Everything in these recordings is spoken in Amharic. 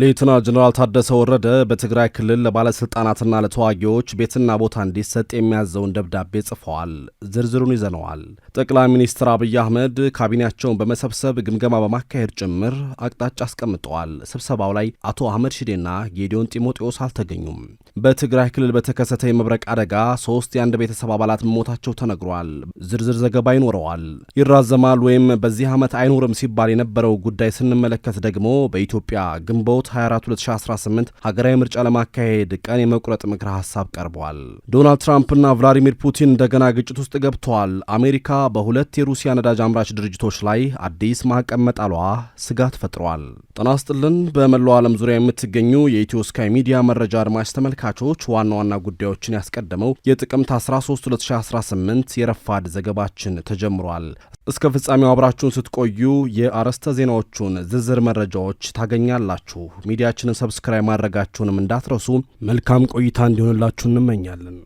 ሌተና ጀነራል ታደሰ ወረደ በትግራይ ክልል ለባለሥልጣናትና ለተዋጊዎች ቤትና ቦታ እንዲሰጥ የሚያዘውን ደብዳቤ ጽፈዋል። ዝርዝሩን ይዘነዋል። ጠቅላይ ሚኒስትር አብይ አህመድ ካቢኔያቸውን በመሰብሰብ ግምገማ በማካሄድ ጭምር አቅጣጫ አስቀምጠዋል። ስብሰባው ላይ አቶ አህመድ ሺዴና ጌዲዮን ጢሞቴዎስ አልተገኙም። በትግራይ ክልል በተከሰተ የመብረቅ አደጋ ሶስት የአንድ ቤተሰብ አባላት መሞታቸው ተነግሯል። ዝርዝር ዘገባ ይኖረዋል። ይራዘማል ወይም በዚህ ዓመት አይኖርም ሲባል የነበረው ጉዳይ ስንመለከት ደግሞ በኢትዮጵያ ግንቦት 24 2018 ሀገራዊ ምርጫ ለማካሄድ ቀን የመቁረጥ ምክረ ሀሳብ ቀርቧል። ዶናልድ ትራምፕና ቭላዲሚር ፑቲን እንደገና ግጭት ውስጥ ገብተዋል። አሜሪካ በሁለት የሩሲያ ነዳጅ አምራች ድርጅቶች ላይ አዲስ ማዕቀብ መጣሏ ስጋት ፈጥሯል። ጤና ይስጥልን። በመላው ዓለም ዙሪያ የምትገኙ የኢትዮ ስካይ ሚዲያ መረጃ አድማጭ ተመልካ ተመልካቾች ዋና ዋና ጉዳዮችን ያስቀደመው የጥቅምት 13 2018 የረፋድ ዘገባችን ተጀምሯል። እስከ ፍጻሜው አብራችሁን ስትቆዩ የአርዕስተ ዜናዎቹን ዝርዝር መረጃዎች ታገኛላችሁ። ሚዲያችንን ሰብስክራይብ ማድረጋችሁንም እንዳትረሱ። መልካም ቆይታ እንዲሆንላችሁ እንመኛለን።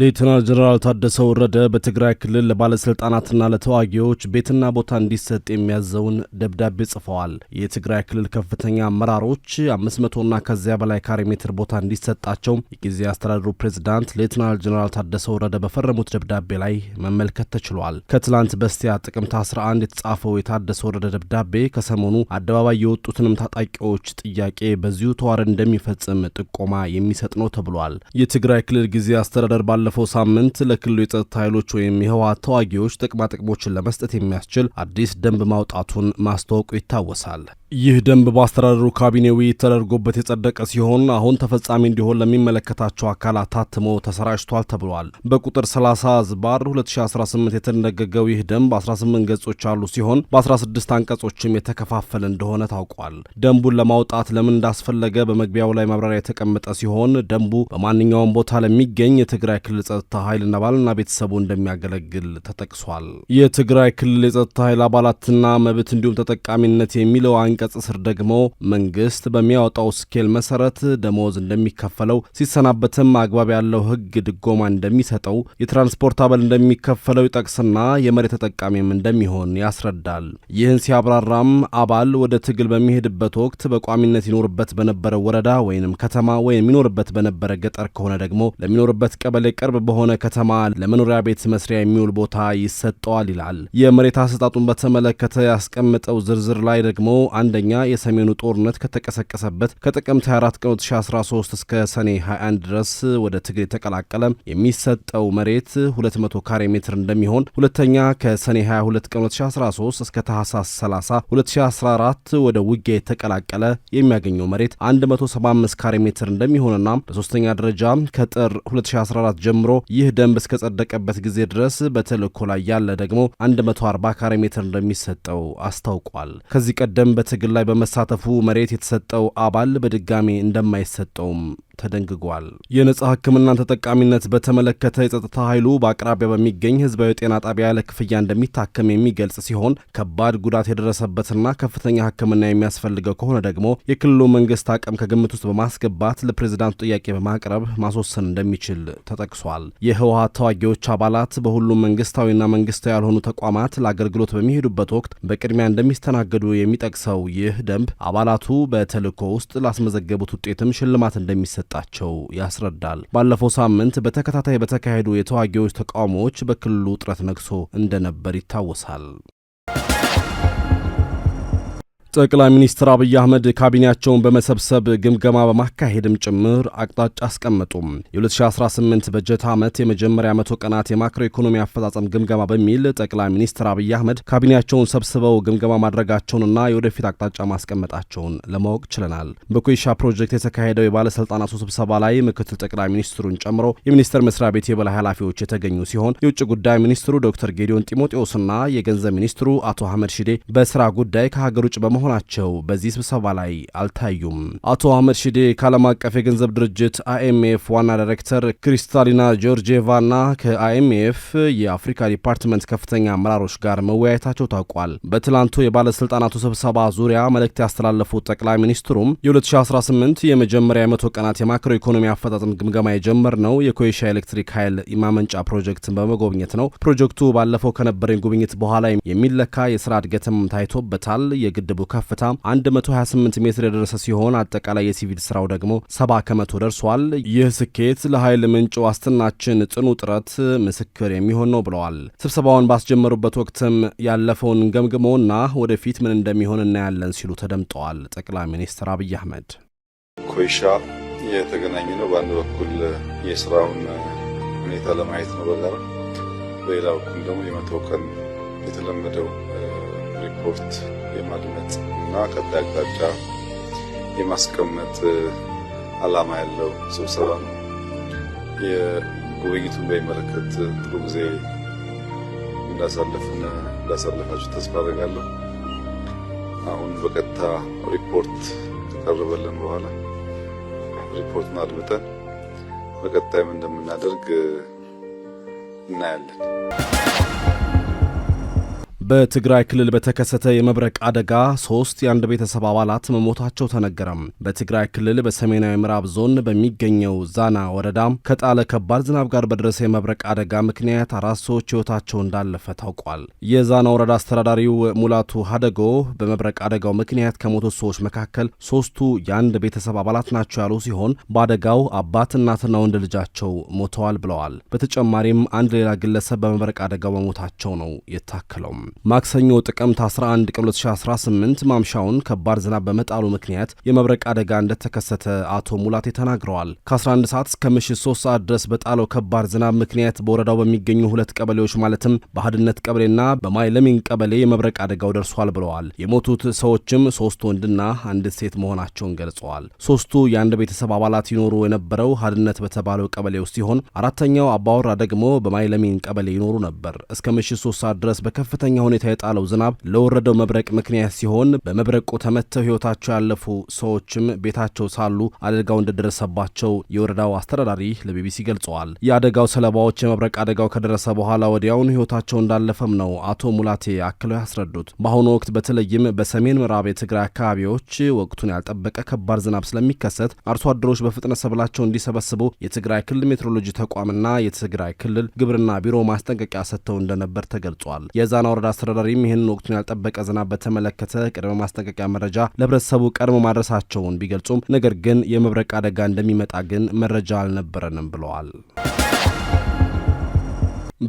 ሌተናል ጀነራል ታደሰ ወረደ በትግራይ ክልል ለባለሥልጣናትና ለተዋጊዎች ቤትና ቦታ እንዲሰጥ የሚያዘውን ደብዳቤ ጽፈዋል። የትግራይ ክልል ከፍተኛ አመራሮች 500ና ከዚያ በላይ ካሬ ሜትር ቦታ እንዲሰጣቸው የጊዜ አስተዳደሩ ፕሬዝዳንት ሌተናል ጀነራል ታደሰ ወረደ በፈረሙት ደብዳቤ ላይ መመልከት ተችሏል። ከትላንት በስቲያ ጥቅምት 11 የተጻፈው የታደሰ ወረደ ደብዳቤ ከሰሞኑ አደባባይ የወጡትንም ታጣቂዎች ጥያቄ በዚሁ ተዋረድ እንደሚፈጽም ጥቆማ የሚሰጥ ነው ተብሏል። የትግራይ ክልል ጊዜ አስተዳደር ባለፈው ሳምንት ለክልሉ የጸጥታ ኃይሎች ወይም የህወሓት ተዋጊዎች ጥቅማጥቅሞችን ለመስጠት የሚያስችል አዲስ ደንብ ማውጣቱን ማስታወቁ ይታወሳል። ይህ ደንብ በአስተዳደሩ ካቢኔ ውይይት ተደርጎበት የጸደቀ ሲሆን አሁን ተፈጻሚ እንዲሆን ለሚመለከታቸው አካላት ታትሞ ተሰራጭቷል ተብሏል። በቁጥር 30 ዝባር 2018 የተደነገገው ይህ ደንብ 18 ገጾች ያሉ ሲሆን በ16 አንቀጾችም የተከፋፈለ እንደሆነ ታውቋል። ደንቡን ለማውጣት ለምን እንዳስፈለገ በመግቢያው ላይ ማብራሪያ የተቀመጠ ሲሆን ደንቡ በማንኛውም ቦታ ለሚገኝ የትግራይ ክልል ኃይል ኃይልና ባልና ቤተሰቡ እንደሚያገለግል ተጠቅሷል። የትግራይ ክልል የጸጥታ ኃይል አባላትና መብት እንዲሁም ተጠቃሚነት የሚለው አንቀጽ ስር ደግሞ መንግስት በሚያወጣው ስኬል መሰረት ደሞዝ እንደሚከፈለው ሲሰናበትም አግባብ ያለው ህግ ድጎማ እንደሚሰጠው የትራንስፖርት አበል እንደሚከፈለው ይጠቅስና የመሬት ተጠቃሚም እንደሚሆን ያስረዳል። ይህን ሲያብራራም አባል ወደ ትግል በሚሄድበት ወቅት በቋሚነት ይኖርበት በነበረ ወረዳ ወይንም ከተማ ወይም ይኖርበት በነበረ ገጠር ከሆነ ደግሞ ለሚኖርበት ቀበሌ ቅርብ በሆነ ከተማ ለመኖሪያ ቤት መስሪያ የሚውል ቦታ ይሰጠዋል ይላል። የመሬት አሰጣጡን በተመለከተ ያስቀምጠው ዝርዝር ላይ ደግሞ አንደኛ የሰሜኑ ጦርነት ከተቀሰቀሰበት ከጥቅምት 24 ቀን 2013 እስከ ሰኔ 21 ድረስ ወደ ትግል የተቀላቀለ የሚሰጠው መሬት 200 ካሬ ሜትር እንደሚሆን፣ ሁለተኛ ከሰኔ 22 ቀን 2013 እስከ ታህሳስ 30 2014 ወደ ውጊያ የተቀላቀለ የሚያገኘው መሬት 175 ካሬ ሜትር እንደሚሆንና በሶስተኛ ደረጃ ከጥር 2014 ወራት ጀምሮ ይህ ደንብ እስከጸደቀበት ጊዜ ድረስ በተልዕኮ ላይ ያለ ደግሞ 140 ካሬ ሜትር እንደሚሰጠው አስታውቋል። ከዚህ ቀደም በትግል ላይ በመሳተፉ መሬት የተሰጠው አባል በድጋሚ እንደማይሰጠውም ተደንግጓል። የነጻ ሕክምናን ተጠቃሚነት በተመለከተ የጸጥታ ኃይሉ በአቅራቢያ በሚገኝ ህዝባዊ ጤና ጣቢያ ያለ ክፍያ እንደሚታከም የሚገልጽ ሲሆን ከባድ ጉዳት የደረሰበትና ከፍተኛ ሕክምና የሚያስፈልገው ከሆነ ደግሞ የክልሉ መንግስት አቅም ከግምት ውስጥ በማስገባት ለፕሬዝዳንቱ ጥያቄ በማቅረብ ማስወሰን እንደሚችል ተጠቅሷል። የህወሀት ተዋጊዎች አባላት በሁሉም መንግስታዊና መንግስታዊ ያልሆኑ ተቋማት ለአገልግሎት በሚሄዱበት ወቅት በቅድሚያ እንደሚስተናገዱ የሚጠቅሰው ይህ ደንብ አባላቱ በተልእኮ ውስጥ ላስመዘገቡት ውጤትም ሽልማት እንደሚሰጥ እንደሰጣቸው ያስረዳል። ባለፈው ሳምንት በተከታታይ በተካሄዱ የተዋጊዎች ተቃውሞዎች በክልሉ ውጥረት ነግሶ እንደነበር ይታወሳል። ጠቅላይ ሚኒስትር አብይ አህመድ ካቢኔያቸውን በመሰብሰብ ግምገማ በማካሄድም ጭምር አቅጣጫ አስቀመጡም። የ2018 በጀት ዓመት የመጀመሪያ መቶ ቀናት የማክሮ ኢኮኖሚ አፈጻጸም ግምገማ በሚል ጠቅላይ ሚኒስትር አብይ አህመድ ካቢኔያቸውን ሰብስበው ግምገማ ማድረጋቸውንና የወደፊት አቅጣጫ ማስቀመጣቸውን ለማወቅ ችለናል። በኮይሻ ፕሮጀክት የተካሄደው የባለሥልጣናቱ ስብሰባ ላይ ምክትል ጠቅላይ ሚኒስትሩን ጨምሮ የሚኒስቴር መስሪያ ቤት የበላይ ኃላፊዎች የተገኙ ሲሆን የውጭ ጉዳይ ሚኒስትሩ ዶክተር ጌዲዮን ጢሞቴዎስና የገንዘብ ሚኒስትሩ አቶ አህመድ ሺዴ በስራ ጉዳይ ከሀገር ውጭ በመሆ መሆናቸው በዚህ ስብሰባ ላይ አልታዩም። አቶ አህመድ ሽዴ ከዓለም አቀፍ የገንዘብ ድርጅት አይኤምኤፍ ዋና ዳይሬክተር ክሪስታሊና ጆርጂቫና ከአይኤምኤፍ የአፍሪካ ዲፓርትመንት ከፍተኛ አመራሮች ጋር መወያየታቸው ታውቋል። በትላንቱ የባለሥልጣናቱ ስብሰባ ዙሪያ መልእክት ያስተላለፉት ጠቅላይ ሚኒስትሩም የ2018 የመጀመሪያ የመቶ ቀናት የማክሮ ኢኮኖሚ አፈጣጠም ግምገማ የጀመርነው የኮይሻ ኤሌክትሪክ ኃይል ማመንጫ ፕሮጀክትን በመጎብኘት ነው። ፕሮጀክቱ ባለፈው ከነበረኝ ጉብኝት በኋላ የሚለካ የስራ እድገትም ታይቶበታል። የግድቡ ከፍታ 128 ሜትር የደረሰ ሲሆን አጠቃላይ የሲቪል ስራው ደግሞ 70 ከመቶ ደርሷል። ይህ ስኬት ለኃይል ምንጭ ዋስትናችን ጽኑ ጥረት ምስክር የሚሆን ነው ብለዋል። ስብሰባውን ባስጀመሩበት ወቅትም ያለፈውን ገምግመውና ወደፊት ምን እንደሚሆን እናያለን ሲሉ ተደምጠዋል። ጠቅላይ ሚኒስትር አብይ አህመድ ኮይሻ የተገናኘ ነው። በአንድ በኩል የስራውን ሁኔታ ለማየት ነው በጋራ በሌላ በኩል ደግሞ የመቶ ቀን የተለመደው ሪፖርት የማድመጥ እና ቀጣይ አቅጣጫ የማስቀመጥ ዓላማ ያለው ስብሰባ ነው። የጉብኝቱን በሚመለከት ጥሩ ጊዜ እንዳሳለፍን እንዳሳለፋችሁ ተስፋ አደርጋለሁ። አሁን በቀጥታ ሪፖርት ከቀረበልን በኋላ ሪፖርቱን አድምጠን በቀጣይም እንደምናደርግ እናያለን። በትግራይ ክልል በተከሰተ የመብረቅ አደጋ ሶስት የአንድ ቤተሰብ አባላት መሞታቸው ተነገረም። በትግራይ ክልል በሰሜናዊ ምዕራብ ዞን በሚገኘው ዛና ወረዳ ከጣለ ከባድ ዝናብ ጋር በደረሰ የመብረቅ አደጋ ምክንያት አራት ሰዎች ሕይወታቸው እንዳለፈ ታውቋል። የዛና ወረዳ አስተዳዳሪው ሙላቱ ሀደጎ በመብረቅ አደጋው ምክንያት ከሞቱት ሰዎች መካከል ሶስቱ የአንድ ቤተሰብ አባላት ናቸው ያሉ ሲሆን በአደጋው አባት እናትና ወንድ ልጃቸው ሞተዋል ብለዋል። በተጨማሪም አንድ ሌላ ግለሰብ በመብረቅ አደጋው መሞታቸው ነው የታከለውም። ማክሰኞ ጥቅምት 11 ቀን 2018 ማምሻውን ከባድ ዝናብ በመጣሉ ምክንያት የመብረቅ አደጋ እንደተከሰተ አቶ ሙላቴ ተናግረዋል። ከ11 ሰዓት እስከ ምሽት 3 ሰዓት ድረስ በጣለው ከባድ ዝናብ ምክንያት በወረዳው በሚገኙ ሁለት ቀበሌዎች ማለትም በአህድነት ቀበሌና በማይለሚን ቀበሌ የመብረቅ አደጋው ደርሷል ብለዋል። የሞቱት ሰዎችም ሶስት ወንድና አንዲት ሴት መሆናቸውን ገልጸዋል። ሶስቱ የአንድ ቤተሰብ አባላት ይኖሩ የነበረው ሀድነት በተባለው ቀበሌ ውስጥ ሲሆን አራተኛው አባወራ ደግሞ በማይለሚን ቀበሌ ይኖሩ ነበር። እስከ ምሽት 3 ሰዓት ድረስ በከፍተኛ ሁኔታ የጣለው ዝናብ ለወረደው መብረቅ ምክንያት ሲሆን በመብረቁ ተመተው ሕይወታቸው ያለፉ ሰዎችም ቤታቸው ሳሉ አደጋው እንደደረሰባቸው የወረዳው አስተዳዳሪ ለቢቢሲ ገልጸዋል። የአደጋው ሰለባዎች የመብረቅ አደጋው ከደረሰ በኋላ ወዲያውን ሕይወታቸው እንዳለፈም ነው አቶ ሙላቴ አክለው ያስረዱት። በአሁኑ ወቅት በተለይም በሰሜን ምዕራብ የትግራይ አካባቢዎች ወቅቱን ያልጠበቀ ከባድ ዝናብ ስለሚከሰት አርሶ አደሮች በፍጥነት ሰብላቸው እንዲሰበስቡ የትግራይ ክልል ሜትሮሎጂ ተቋምና የትግራይ ክልል ግብርና ቢሮ ማስጠንቀቂያ ሰጥተው እንደነበር ተገልጿል። የዛና ወረዳ አስተዳዳሪም ይህንን ወቅቱን ያልጠበቀ ዝናብ በተመለከተ ቅድመ ማስጠንቀቂያ መረጃ ለህብረተሰቡ ቀድሞ ማድረሳቸውን ቢገልጹም ነገር ግን የመብረቅ አደጋ እንደሚመጣ ግን መረጃ አልነበረንም ብለዋል።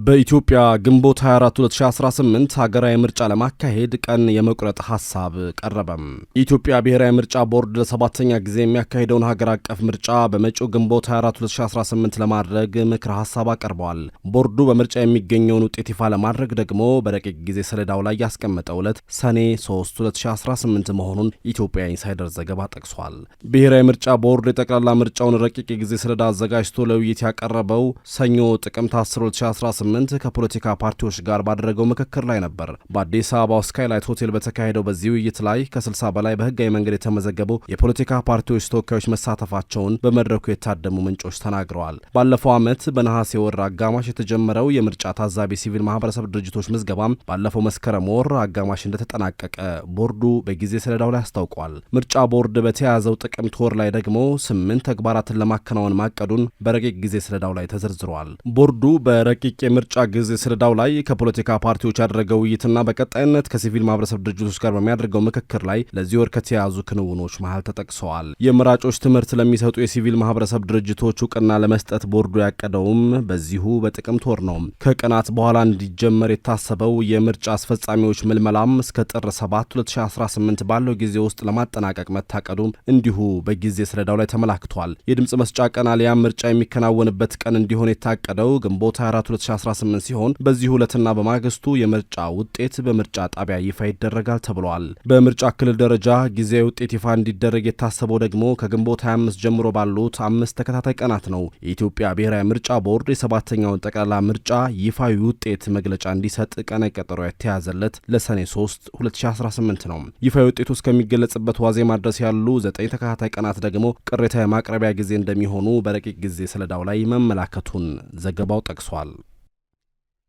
በኢትዮጵያ ግንቦት 24 2018 ሀገራዊ ምርጫ ለማካሄድ ቀን የመቁረጥ ሀሳብ ቀረበም። የኢትዮጵያ ብሔራዊ ምርጫ ቦርድ ለሰባተኛ ጊዜ የሚያካሄደውን ሀገር አቀፍ ምርጫ በመጪው ግንቦት 24 2018 ለማድረግ ምክረ ሀሳብ አቀርበዋል። ቦርዱ በምርጫ የሚገኘውን ውጤት ይፋ ለማድረግ ደግሞ በረቂቅ ጊዜ ሰሌዳው ላይ ያስቀመጠው ዕለት ሰኔ 3 2018 መሆኑን ኢትዮጵያ ኢንሳይደር ዘገባ ጠቅሷል። ብሔራዊ ምርጫ ቦርድ የጠቅላላ ምርጫውን ረቂቅ ጊዜ ሰሌዳ አዘጋጅቶ ለውይይት ያቀረበው ሰኞ ጥቅምት 10 2018 ከፖለቲካ ፓርቲዎች ጋር ባደረገው ምክክር ላይ ነበር። በአዲስ አበባው ስካይላይት ሆቴል በተካሄደው በዚህ ውይይት ላይ ከ60 በላይ በህጋዊ መንገድ የተመዘገቡ የፖለቲካ ፓርቲዎች ተወካዮች መሳተፋቸውን በመድረኩ የታደሙ ምንጮች ተናግረዋል። ባለፈው ዓመት በነሐሴ ወር አጋማሽ የተጀመረው የምርጫ ታዛቢ ሲቪል ማህበረሰብ ድርጅቶች ምዝገባም ባለፈው መስከረም ወር አጋማሽ እንደተጠናቀቀ ቦርዱ በጊዜ ሰሌዳው ላይ አስታውቋል። ምርጫ ቦርድ በተያያዘው ጥቅምት ወር ላይ ደግሞ ስምንት ተግባራትን ለማከናወን ማቀዱን በረቂቅ ጊዜ ሰሌዳው ላይ ተዘርዝሯል። ቦርዱ በረቂቅ የምርጫ ጊዜ ሰሌዳው ላይ ከፖለቲካ ፓርቲዎች ያደረገው ውይይትና በቀጣይነት ከሲቪል ማህበረሰብ ድርጅቶች ጋር በሚያደርገው ምክክር ላይ ለዚህ ወር ከተያዙ ክንውኖች መሀል ተጠቅሰዋል። የምራጮች ትምህርት ለሚሰጡ የሲቪል ማህበረሰብ ድርጅቶች እውቅና ለመስጠት ቦርዱ ያቀደውም በዚሁ በጥቅምት ወር ነው። ከቀናት በኋላ እንዲጀመር የታሰበው የምርጫ አስፈጻሚዎች ምልመላም እስከ ጥር 7 2018 ባለው ጊዜ ውስጥ ለማጠናቀቅ መታቀዱም እንዲሁ በጊዜ ሰሌዳው ላይ ተመላክቷል። የድምፅ መስጫ ቀን አሊያም ምርጫ የሚከናወንበት ቀን እንዲሆን የታቀደው ግንቦት 24 2018 ሲሆን በዚህ ዕለትና በማግስቱ የምርጫ ውጤት በምርጫ ጣቢያ ይፋ ይደረጋል ተብሏል። በምርጫ ክልል ደረጃ ጊዜያዊ ውጤት ይፋ እንዲደረግ የታሰበው ደግሞ ከግንቦት 25 ጀምሮ ባሉት አምስት ተከታታይ ቀናት ነው። የኢትዮጵያ ብሔራዊ ምርጫ ቦርድ የሰባተኛውን ጠቅላላ ምርጫ ይፋዊ ውጤት መግለጫ እንዲሰጥ ቀነ ቀጠሮ የተያዘለት ለሰኔ 3 2018 ነው። ይፋዊ ውጤቱ እስከሚገለጽበት ዋዜማ ድረስ ያሉ ዘጠኝ ተከታታይ ቀናት ደግሞ ቅሬታ የማቅረቢያ ጊዜ እንደሚሆኑ በረቂቅ ጊዜ ሰሌዳው ላይ መመላከቱን ዘገባው ጠቅሷል።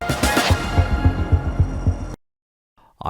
Thank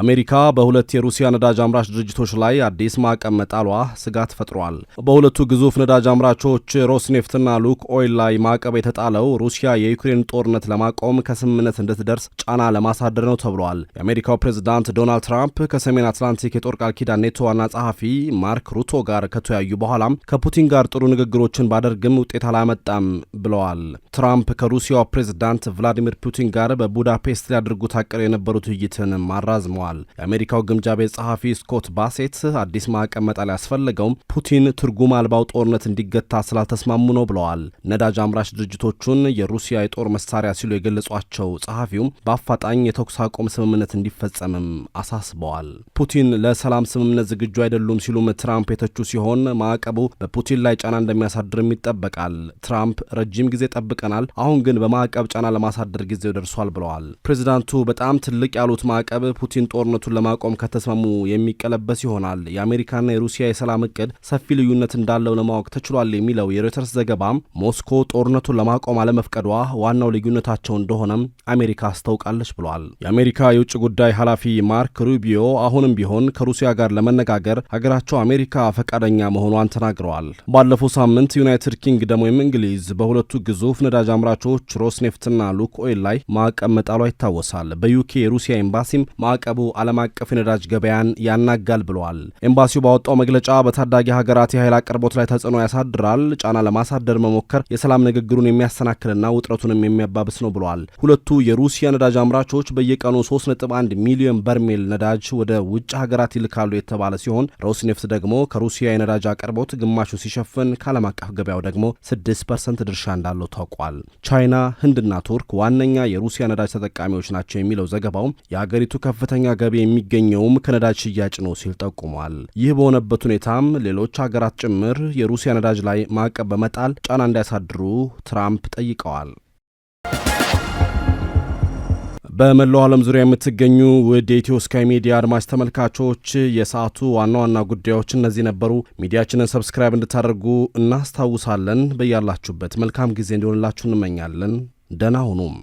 አሜሪካ በሁለት የሩሲያ ነዳጅ አምራች ድርጅቶች ላይ አዲስ ማዕቀብ መጣሏ ስጋት ፈጥሯል። በሁለቱ ግዙፍ ነዳጅ አምራቾች ሮስኔፍትና ሉክ ኦይል ላይ ማዕቀብ የተጣለው ሩሲያ የዩክሬን ጦርነት ለማቆም ከስምምነት እንድትደርስ ጫና ለማሳደር ነው ተብሏል። የአሜሪካው ፕሬዝዳንት ዶናልድ ትራምፕ ከሰሜን አትላንቲክ የጦር ቃል ኪዳን ኔቶ ዋና ጸሐፊ ማርክ ሩቶ ጋር ከተወያዩ በኋላም ከፑቲን ጋር ጥሩ ንግግሮችን ባደርግም ውጤት አላመጣም ብለዋል። ትራምፕ ከሩሲያው ፕሬዝዳንት ቭላዲሚር ፑቲን ጋር በቡዳፔስት ሊያደርጉ ታቅደው የነበሩት ውይይትን አራዝመዋል። ተጠቅመዋል። የአሜሪካው ግምጃ ቤት ጸሐፊ ስኮት ባሴት አዲስ ማዕቀብ መጣል ያስፈለገውም ፑቲን ትርጉም አልባው ጦርነት እንዲገታ ስላልተስማሙ ነው ብለዋል። ነዳጅ አምራች ድርጅቶቹን የሩሲያ የጦር መሳሪያ ሲሉ የገለጿቸው ጸሐፊውም በአፋጣኝ የተኩስ አቁም ስምምነት እንዲፈጸምም አሳስበዋል። ፑቲን ለሰላም ስምምነት ዝግጁ አይደሉም ሲሉም ትራምፕ የተቹ ሲሆን ማዕቀቡ በፑቲን ላይ ጫና እንደሚያሳድርም ይጠበቃል። ትራምፕ ረጅም ጊዜ ጠብቀናል፣ አሁን ግን በማዕቀብ ጫና ለማሳደር ጊዜው ደርሷል ብለዋል። ፕሬዚዳንቱ በጣም ትልቅ ያሉት ማዕቀብ ፑቲን ጦርነቱን ለማቆም ከተስማሙ የሚቀለበስ ይሆናል። የአሜሪካና የሩሲያ የሰላም እቅድ ሰፊ ልዩነት እንዳለው ለማወቅ ተችሏል የሚለው የሮይተርስ ዘገባም ሞስኮ ጦርነቱን ለማቆም አለመፍቀዷ ዋናው ልዩነታቸው እንደሆነም አሜሪካ አስታውቃለች ብሏል። የአሜሪካ የውጭ ጉዳይ ኃላፊ ማርክ ሩቢዮ አሁንም ቢሆን ከሩሲያ ጋር ለመነጋገር ሀገራቸው አሜሪካ ፈቃደኛ መሆኗን ተናግረዋል። ባለፈው ሳምንት ዩናይትድ ኪንግደም ወይም እንግሊዝ በሁለቱ ግዙፍ ነዳጅ አምራቾች ሮስኔፍትና ሉክ ኦይል ላይ ማዕቀብ መጣሏ ይታወሳል። በዩኬ የሩሲያ ኤምባሲም ማዕቀቡ ሀሳቡ ዓለም አቀፍ የነዳጅ ገበያን ያናጋል ብለዋል። ኤምባሲው ባወጣው መግለጫ በታዳጊ ሀገራት የኃይል አቅርቦት ላይ ተጽዕኖ ያሳድራል፣ ጫና ለማሳደር መሞከር የሰላም ንግግሩን የሚያሰናክልና ውጥረቱንም የሚያባብስ ነው ብለዋል። ሁለቱ የሩሲያ ነዳጅ አምራቾች በየቀኑ 3.1 ሚሊዮን በርሜል ነዳጅ ወደ ውጭ ሀገራት ይልካሉ የተባለ ሲሆን ሮስኔፍት ደግሞ ከሩሲያ የነዳጅ አቅርቦት ግማሹ ሲሸፍን ከዓለም አቀፍ ገበያው ደግሞ 6 ፐርሰንት ድርሻ እንዳለው ታውቋል። ቻይና፣ ህንድና ቱርክ ዋነኛ የሩሲያ ነዳጅ ተጠቃሚዎች ናቸው የሚለው ዘገባው የአገሪቱ ከፍተኛ ገቢ የሚገኘውም ከነዳጅ ሽያጭ ነው ሲል ጠቁሟል። ይህ በሆነበት ሁኔታም ሌሎች ሀገራት ጭምር የሩሲያ ነዳጅ ላይ ማዕቀብ በመጣል ጫና እንዲያሳድሩ ትራምፕ ጠይቀዋል። በመላው ዓለም ዙሪያ የምትገኙ ውድ የኢትዮ ስካይ ሚዲያ አድማጭ ተመልካቾች የሰዓቱ ዋና ዋና ጉዳዮች እነዚህ ነበሩ። ሚዲያችንን ሰብስክራይብ እንድታደርጉ እናስታውሳለን። በያላችሁበት መልካም ጊዜ እንዲሆንላችሁ እንመኛለን። ደህና ሁኑም